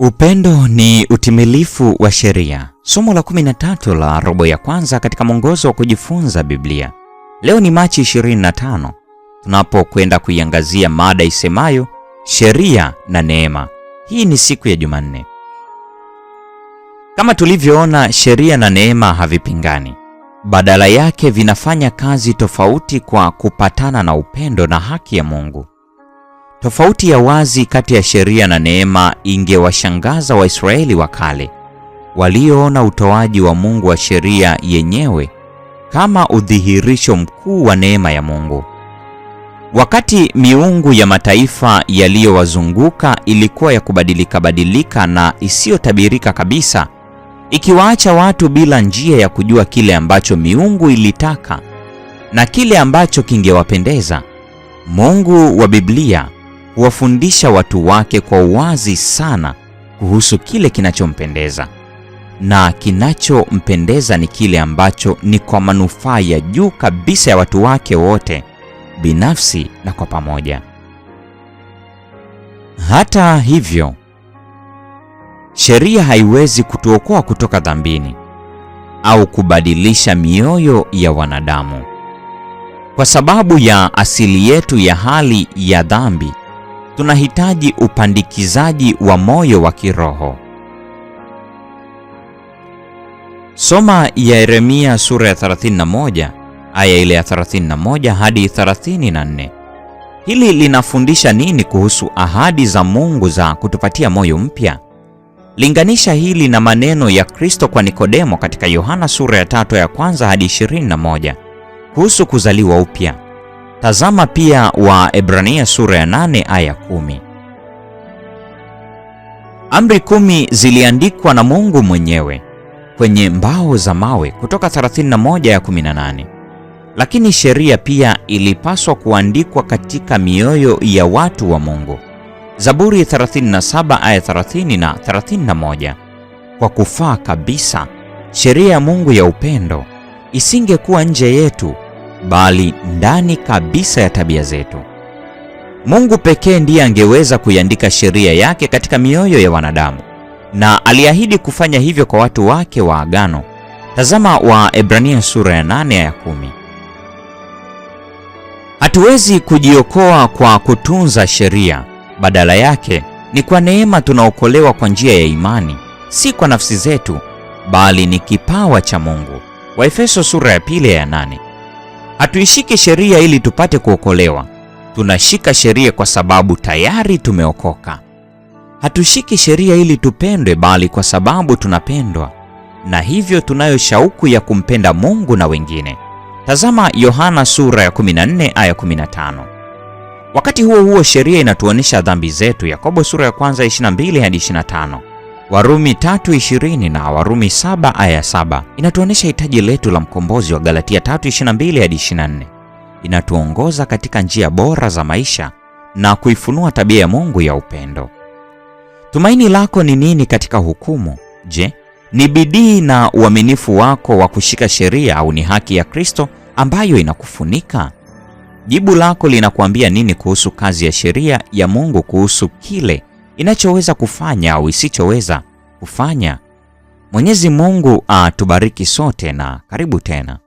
Upendo ni utimilifu wa sheria, somo la 13 la robo ya kwanza katika mwongozo wa kujifunza Biblia. Leo ni Machi 25 tunapokwenda kuiangazia mada isemayo sheria na neema. Hii ni siku ya Jumanne. Kama tulivyoona, sheria na neema havipingani, badala yake vinafanya kazi tofauti kwa kupatana na upendo na haki ya Mungu. Tofauti ya wazi kati ya sheria na neema ingewashangaza Waisraeli wa kale walioona utoaji wa Mungu wa sheria yenyewe kama udhihirisho mkuu wa neema ya Mungu. Wakati miungu ya mataifa yaliyowazunguka ilikuwa ya kubadilika badilika na isiyotabirika kabisa, ikiwaacha watu bila njia ya kujua kile ambacho miungu ilitaka na kile ambacho kingewapendeza, Mungu wa Biblia huwafundisha watu wake kwa uwazi sana kuhusu kile kinachompendeza, na kinachompendeza ni kile ambacho ni kwa manufaa ya juu kabisa ya watu wake wote, binafsi na kwa pamoja. Hata hivyo, sheria haiwezi kutuokoa kutoka dhambini au kubadilisha mioyo ya wanadamu. Kwa sababu ya asili yetu ya hali ya dhambi, tunahitaji upandikizaji wa moyo wa kiroho. Soma ya Yeremia sura ya 31 aya ile ya 31 hadi 34. Hili linafundisha nini kuhusu ahadi za Mungu za kutupatia moyo mpya? Linganisha hili na maneno ya Kristo kwa Nikodemo katika Yohana sura ya 3 ya kwanza hadi 21 kuhusu kuzaliwa upya. Tazama pia Ebrania sura ya 8 aya 10. Amri kumi ziliandikwa na Mungu mwenyewe kwenye mbao za mawe Kutoka 31 ya 18. Lakini sheria pia ilipaswa kuandikwa katika mioyo ya watu wa Mungu. Zaburi 37 aya 30 na 31. Kwa kufaa kabisa sheria ya Mungu ya upendo isingekuwa nje yetu bali ndani kabisa ya tabia zetu. Mungu pekee ndiye angeweza kuiandika sheria yake katika mioyo ya wanadamu, na aliahidi kufanya hivyo kwa watu wake wa agano. Tazama Waebrania sura ya 8 ya 10. Hatuwezi kujiokoa kwa kutunza sheria. Badala yake ni kwa neema tunaokolewa kwa njia ya imani, si kwa nafsi zetu, bali ni kipawa cha Mungu. Waefeso sura ya pili ya nane. Hatuishiki sheria ili tupate kuokolewa. Tunashika sheria kwa sababu tayari tumeokoka. Hatushiki sheria ili tupendwe, bali kwa sababu tunapendwa, na hivyo tunayo shauku ya kumpenda Mungu na wengine. Tazama Yohana sura ya 14 aya 15. Wakati huo huo, sheria inatuonyesha dhambi zetu, Yakobo sura ya kwanza 22 hadi 25. Warumi 3:20 na Warumi 77 inatuonesha hitaji letu la mkombozi wa Galatia 3:22 hadi 24. Inatuongoza katika njia bora za maisha na kuifunua tabia ya Mungu ya upendo. Tumaini lako ni nini katika hukumu? Je, ni bidii na uaminifu wako wa kushika sheria au ni haki ya Kristo ambayo inakufunika? Jibu lako linakuambia nini kuhusu kazi ya sheria ya Mungu kuhusu kile inachoweza kufanya au isichoweza kufanya. Mwenyezi Mungu atubariki sote na karibu tena.